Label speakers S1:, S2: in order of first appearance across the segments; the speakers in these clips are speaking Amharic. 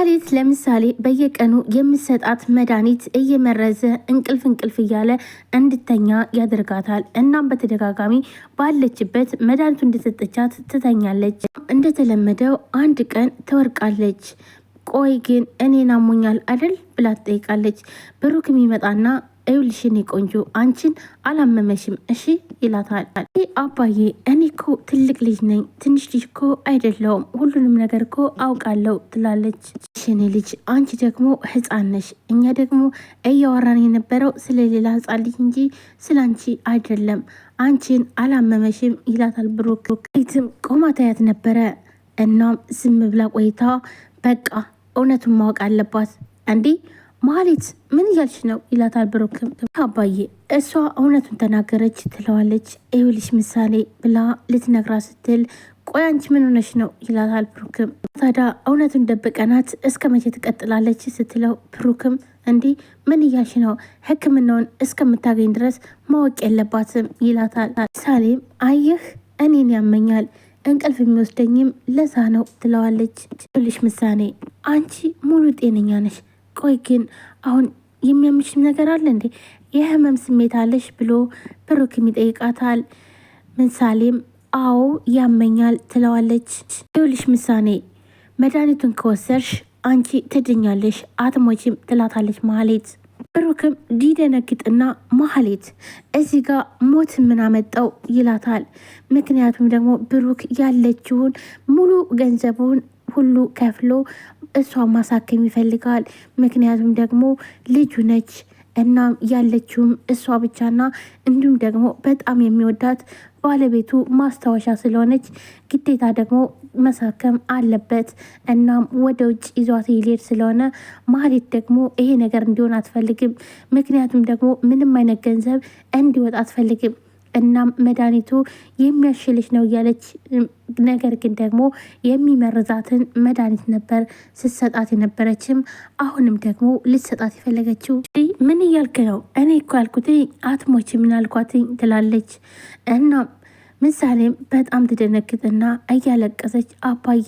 S1: ካሌት ለምሳሌ በየቀኑ የምሰጣት መድኃኒት እየመረዘ እንቅልፍ እንቅልፍ እያለ እንድተኛ ያደርጋታል። እናም በተደጋጋሚ ባለችበት መድኃኒቱ እንደሰጠቻት ትተኛለች። እንደተለመደው አንድ ቀን ትወርቃለች። ቆይ ግን እኔን አሞኛል አይደል ብላ ትጠይቃለች። ብሩክ የሚመጣና እውልሽ እኔ ቆንጆ አንቺን አላመመሽም እሺ ይላታል። አባዬ እኔ ኮ ትልቅ ልጅ ነኝ ትንሽ ልጅ ኮ አይደለውም ሁሉንም ነገር እኮ አውቃለሁ ትላለች። ሽኔ ልጅ አንቺ ደግሞ ህፃን ነሽ። እኛ ደግሞ እያወራን የነበረው ስለ ሌላ ህፃን ልጅ እንጂ ስለ አንቺ አይደለም። አንቺን አላመመሽም ይላታል። ብሩክ ቤትም ቆማ ታያት ነበረ። እናም ዝም ብላ ቆይታ በቃ እውነቱን ማወቅ አለባት እንዲህ ማሌት ምን እያልሽ ነው ይላታል ብሩክም። አባዬ እሷ እውነቱን ተናገረች ትለዋለች። ይኸውልሽ ምሳሌ ብላ ልትነግራ ስትል ቆይ አንቺ ምን ሆነሽ ነው ይላታል ብሩክም። ታዲያ እውነቱን ደብቀናት እስከ መቼ ትቀጥላለች ስትለው ብሩክም እንዲህ ምን እያልሽ ነው? ሕክምናውን እስከምታገኝ ድረስ ማወቅ የለባትም ይላታል። ምሳሌም አየህ እኔን ያመኛል እንቅልፍ የሚወስደኝም ለዛ ነው ትለዋለች። ልሽ ምሳሌ አንቺ ሙሉ ጤነኛ ነሽ ቆይ ግን አሁን የሚያምችም ነገር አለ እንዴ? የህመም ስሜት አለሽ ብሎ ብሩክም ይጠይቃታል። ምሳሌም አዎ ያመኛል ትለዋለች። ይኸውልሽ ምሳሌ መድኃኒቱን ከወሰድሽ አንቺ ትድኛለሽ፣ አትሞችም ትላታለች ማህሌት። ብሩክም ዲደነግጥና ማህሌት እዚህ ጋ ሞት ምናመጣው ይላታል። ምክንያቱም ደግሞ ብሩክ ያለችውን ሙሉ ገንዘቡን ሁሉ ከፍሎ እሷን ማሳከም ይፈልጋል። ምክንያቱም ደግሞ ልጁ ነች። እና ያለችውም እሷ ብቻና እንዲሁም ደግሞ በጣም የሚወዳት ባለቤቱ ማስታወሻ ስለሆነች ግዴታ ደግሞ መሳከም አለበት። እናም ወደ ውጭ ይዟት ሊሄድ ስለሆነ ማህሌት ደግሞ ይሄ ነገር እንዲሆን አትፈልግም። ምክንያቱም ደግሞ ምንም አይነት ገንዘብ እንዲወጣ አትፈልግም። እናም መድኃኒቱ የሚያሽልሽ ነው እያለች ነገር ግን ደግሞ የሚመርዛትን መድኃኒት ነበር ስትሰጣት የነበረችም። አሁንም ደግሞ ልትሰጣት የፈለገችው ምን እያልክ ነው? እኔ እኮ ያልኩት አትሞች ምን ትላለች እና ምሳሌም በጣም ትደነግጥና እያለቀሰች አባዬ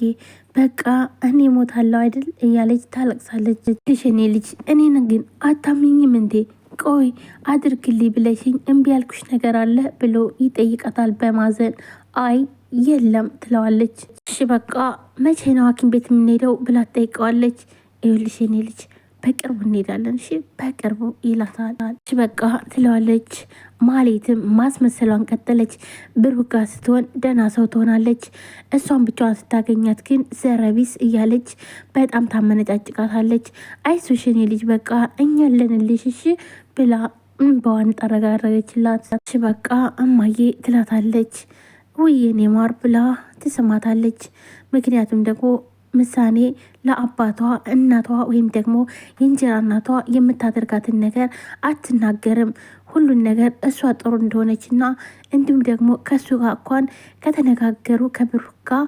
S1: በቃ እኔ ሞታለው አይደል እያለች ታለቅሳለች። ትሽኔ ልጅ እኔን ግን አታምኝም እንዴ ቆይ አድርግልኝ ብለሽኝ እምቢ ያልኩሽ ነገር አለ ብሎ ይጠይቃታል በማዘን አይ የለም ትለዋለች። እሺ በቃ መቼ ነው ሀኪም ቤት የምንሄደው ብላ ትጠይቀዋለች። ይኸውልሽ የኔ ልጅ በቅርቡ እንሄዳለን፣ እሺ በቅርቡ ይላታል። በቃ ትለዋለች። ማሌትም ማስመሰሏን ቀጠለች። ብሩጋ ስትሆን ደህና ሰው ትሆናለች። እሷን ብቻዋን ስታገኛት ግን ዘረቢስ እያለች በጣም ታመነጫጭቃታለች። አይዞሽ ልጅ በቃ እኛ እሺ ብላ በዋን ጠረጋረገችላት። በቃ እማዬ ትላታለች። ውይ የኔ ማር ብላ ትሰማታለች ምክንያቱም ደግሞ ምሳሌ ለአባቷ እናቷ ወይም ደግሞ የእንጀራ እናቷ የምታደርጋትን ነገር አትናገርም። ሁሉን ነገር እሷ ጥሩ እንደሆነችና እንዲሁም ደግሞ ከእሱ ጋር እንኳን ከተነጋገሩ ከብሩ ጋር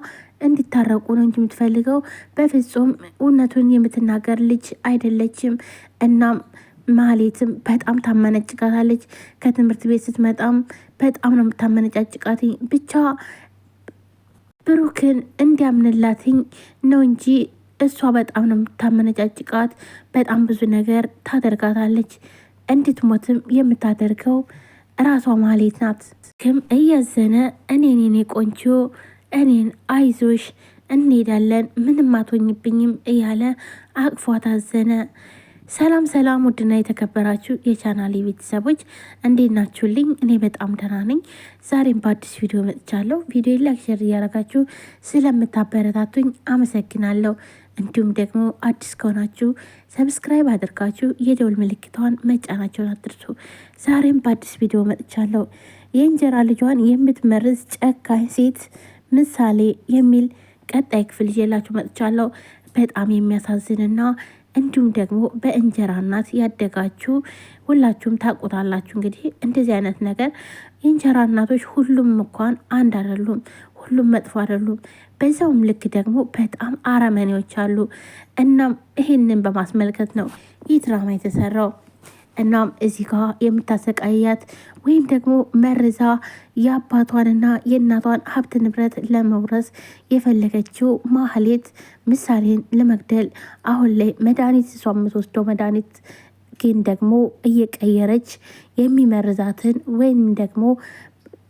S1: እንዲታረቁ ነው እንጂ የምትፈልገው በፍጹም እውነቱን የምትናገር ልጅ አይደለችም። እናም ማሌትም በጣም ታመነጭቃታለች። ከትምህርት ቤት ስትመጣም በጣም ነው የምታመነጫጭቃት ብቻ ብሩክን እንዲያምንላትኝ ነው እንጂ እሷ በጣም ነው የምታመነጫጭቃት። በጣም ብዙ ነገር ታደርጋታለች። እንድትሞትም የምታደርገው ራሷ ማሌት ናት። ክም እያዘነ እኔን የኔ ቆንጆ እኔን አይዞሽ እንሄዳለን ምንም አትሆኝብኝም እያለ አቅፏ ታዘነ። ሰላም ሰላም፣ ውድና የተከበራችሁ የቻናሌ ቤተሰቦች እንዴት ናችሁልኝ? እኔ በጣም ደህና ነኝ። ዛሬም በአዲስ ቪዲዮ መጥቻለሁ። ቪዲዮ ላይክ፣ ሼር እያደረጋችሁ ስለምታበረታቱኝ አመሰግናለሁ። እንዲሁም ደግሞ አዲስ ከሆናችሁ ሰብስክራይብ አድርጋችሁ የደውል ምልክቷን መጫናቸውን አትርሱ። ዛሬም በአዲስ ቪዲዮ መጥቻለሁ። የእንጀራ ልጇን የምትመርዝ ጨካኝ ሴት ምሳሌ የሚል ቀጣይ ክፍል ይዤላችሁ መጥቻለሁ። በጣም የሚያሳዝንና እንዲሁም ደግሞ በእንጀራ እናት ያደጋችሁ ሁላችሁም ታውቁታላችሁ። እንግዲህ እንደዚህ አይነት ነገር የእንጀራ እናቶች ሁሉም እንኳን አንድ አይደሉም፣ ሁሉም መጥፎ አይደሉም። በዛውም ልክ ደግሞ በጣም አረመኔዎች አሉ። እናም ይህንን በማስመልከት ነው ይህ ድራማ የተሰራው። እናም እዚህ ጋ የምታሰቃያት ወይም ደግሞ መርዛ የአባቷንና የእናቷን ሀብት ንብረት ለመውረስ የፈለገችው ማህሌት ምሳሌን ለመግደል አሁን ላይ መድኃኒት እሷ የምትወስደው መድኃኒት ግን ደግሞ እየቀየረች የሚመርዛትን ወይም ደግሞ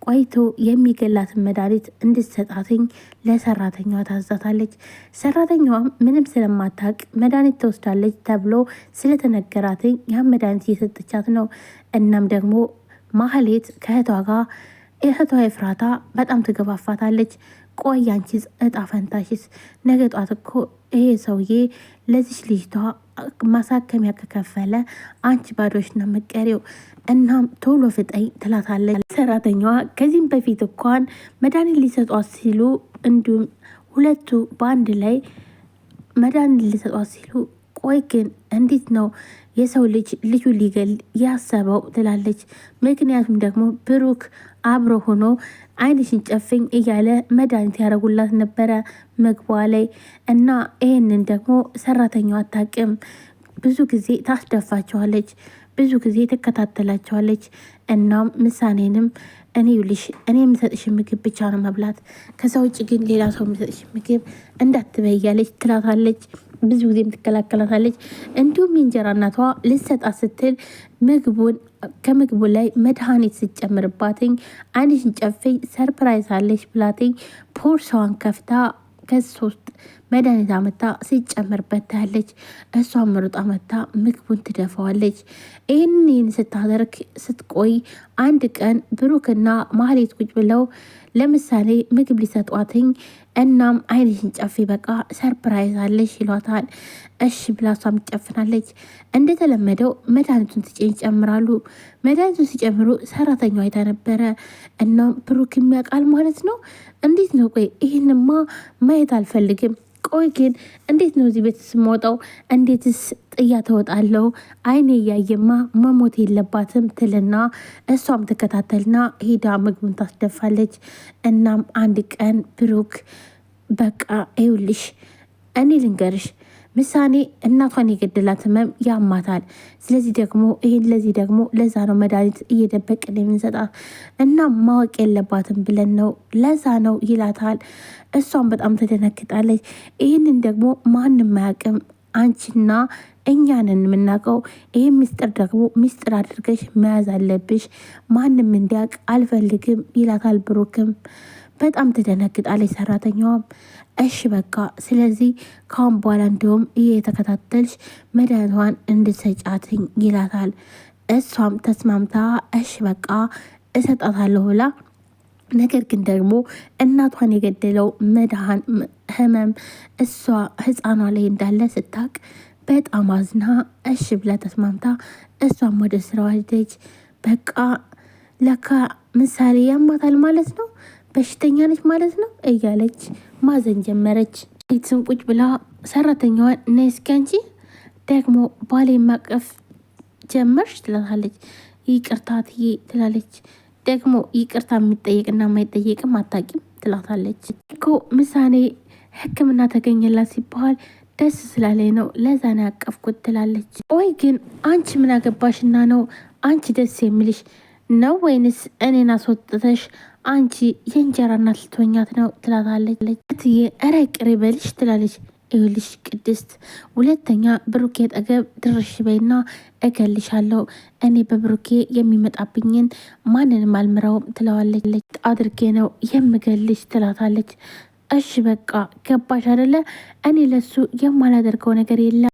S1: ቆይቶ የሚገላትን መድኃኒት እንድትሰጣትኝ ለሰራተኛዋ ታዛታለች። ሰራተኛዋም ምንም ስለማታቅ መድኃኒት ትወስዳለች ተብሎ ስለተነገራትኝ ያ መድኃኒት እየሰጠቻት ነው። እናም ደግሞ ማህሌት ከእህቷ ጋር እህቷ ኤፍራታ በጣም ትገፋፋታለች። ቆይ አንቺስ እጣ ፈንታሽስ ነገ ጧት እኮ ይሄ ሰውዬ ለዚች ልጅቷ ማሳከሚያ ከከፈለ አንቺ ባዶች ነው መቀሬው፣ እናም ቶሎ ፍጠኝ ትላታለች። ሰራተኛዋ ከዚህም በፊት እንኳን መድኃኒት ሊሰጧት ሲሉ እንዲሁም ሁለቱ በአንድ ላይ መድኃኒት ሊሰጧት ሲሉ ቆይ ግን እንዴት ነው የሰው ልጅ ልጁ ሊገል ያሰበው ትላለች። ምክንያቱም ደግሞ ብሩክ አብሮ ሆኖ አይን ጨፍኝ እያለ መድኃኒት ያደረጉላት ነበረ ምግቧ ላይ እና ይህንን ደግሞ ሰራተኛው አታቅም። ብዙ ጊዜ ታስደፋቸዋለች፣ ብዙ ጊዜ ትከታተላቸዋለች። እናም ምሳኔንም እኔ ይኸውልሽ እኔ የምሰጥሽ ምግብ ብቻ ነው መብላት፣ ከዛ ውጭ ግን ሌላ ሰው የምሰጥሽ ምግብ እንዳትበይ እያለች ትላታለች። ብዙ ጊዜ ትከላከላታለች። እንዲሁም የእንጀራ እናቷ ልሰጣ ስትል ምግቡን ከምግቡ ላይ መድኃኒት ስጨምርባትኝ አይንሽን ጨፍኝ ሰርፕራይዝ አለች ብላትኝ ፖርሳዋን ከፍታ ከሱ ውስጥ መድኃኒት አመታ ሲጨምርበት ታያለች። እሷ መሮጣ መታ ምግቡን ትደፋዋለች። ይህንን ስታደርግ ስትቆይ አንድ ቀን ብሩክና ማህሌት ቁጭ ብለው ለምሳሌ ምግብ ሊሰጧትኝ እናም አይንሽን ጨፊ በቃ ሰርፕራይዝ አለሽ ይሏታል። እሺ ብላ እሷም ትጨፍናለች። እንደተለመደው መድኃኒቱን ትጭን ይጨምራሉ። መድኃኒቱን ሲጨምሩ ሰራተኛ አይታ ነበረ። እናም ብሩክ የሚያውቃል ማለት ነው። እንዴት ነው? ቆይ ይህንማ ማየት አልፈልግም ቆይ ግን እንዴት ነው እዚህ ቤት ስመወጣው? እንዴትስ ጥያ ተወጣለው? አይኔ እያየማ መሞት የለባትም ትልና እሷም ትከታተልና ሄዳ ምግብን ታስደፋለች። እናም አንድ ቀን ብሩክ በቃ ይውልሽ እኔ ልንገርሽ ምሳሌ እናቷን የገደላት ህመም ያማታል። ስለዚህ ደግሞ ይህን ለዚህ ደግሞ ለዛ ነው መድኃኒት እየደበቅን የምንሰጣት እና ማወቅ የለባትም ብለን ነው ለዛ ነው ይላታል። እሷን በጣም ተደነግጣለች። ይህንን ደግሞ ማንም አያውቅም አንቺና እኛንን የምናውቀው ይህ ምስጢር ደግሞ ምስጢር አድርገሽ መያዝ አለብሽ። ማንም እንዲያውቅ አልፈልግም ይላታል ብሩክም በጣም ትደነግጣለች። ሰራተኛዋም እሺ በቃ ስለዚህ ካሁን በኋላ እንዲሁም እየተከታተልሽ መድኃኒቷን እንድትሰጫትኝ ይላታል። እሷም ተስማምታ እሺ በቃ እሰጣታለሁ ብላ ነገር ግን ደግሞ እናቷን የገደለው መድሃን ህመም እሷ ህፃኗ ላይ እንዳለ ስታቅ በጣም አዝና እሺ ብላ ተስማምታ እሷም ወደ ስራዋ ሄደች። በቃ ለካ ምሳሌ ያማታል ማለት ነው። በሽተኛ ነች ማለት ነው እያለች ማዘን ጀመረች። ቤትስን ቁጭ ብላ ሰራተኛዋን ነይ እስኪ አንቺ ደግሞ ባሌ ማቀፍ ጀመርሽ ትላታለች። ይቅርታ ትዬ ትላለች። ደግሞ ይቅርታ የሚጠየቅና የማይጠየቅም አታቂም ትላታለች። እኮ ምሳሌ ሕክምና ተገኘላት ሲባል ደስ ስላለ ነው ለዛ ነው ያቀፍኩት ትላለች። ቆይ ግን አንቺ ምን አገባሽና ነው አንቺ ደስ የሚልሽ ነው ወይንስ እኔን አስወጥተሽ አንቺ የእንጀራ እናት ልትሆኛት ነው ትላታለች። እትዬ ኧረ በልሽ ትላለች። ይኸውልሽ ቅድስት፣ ሁለተኛ ብሩኬ ጠገብ ድርሽ በይና እገልሻለሁ። እኔ በብሩኬ የሚመጣብኝን ማንንም አልምረውም ትለዋለች። አድርጌ ነው የምገልሽ ትላታለች። እሺ በቃ ገባሽ አደለ? እኔ ለሱ የማላደርገው ነገር የለም።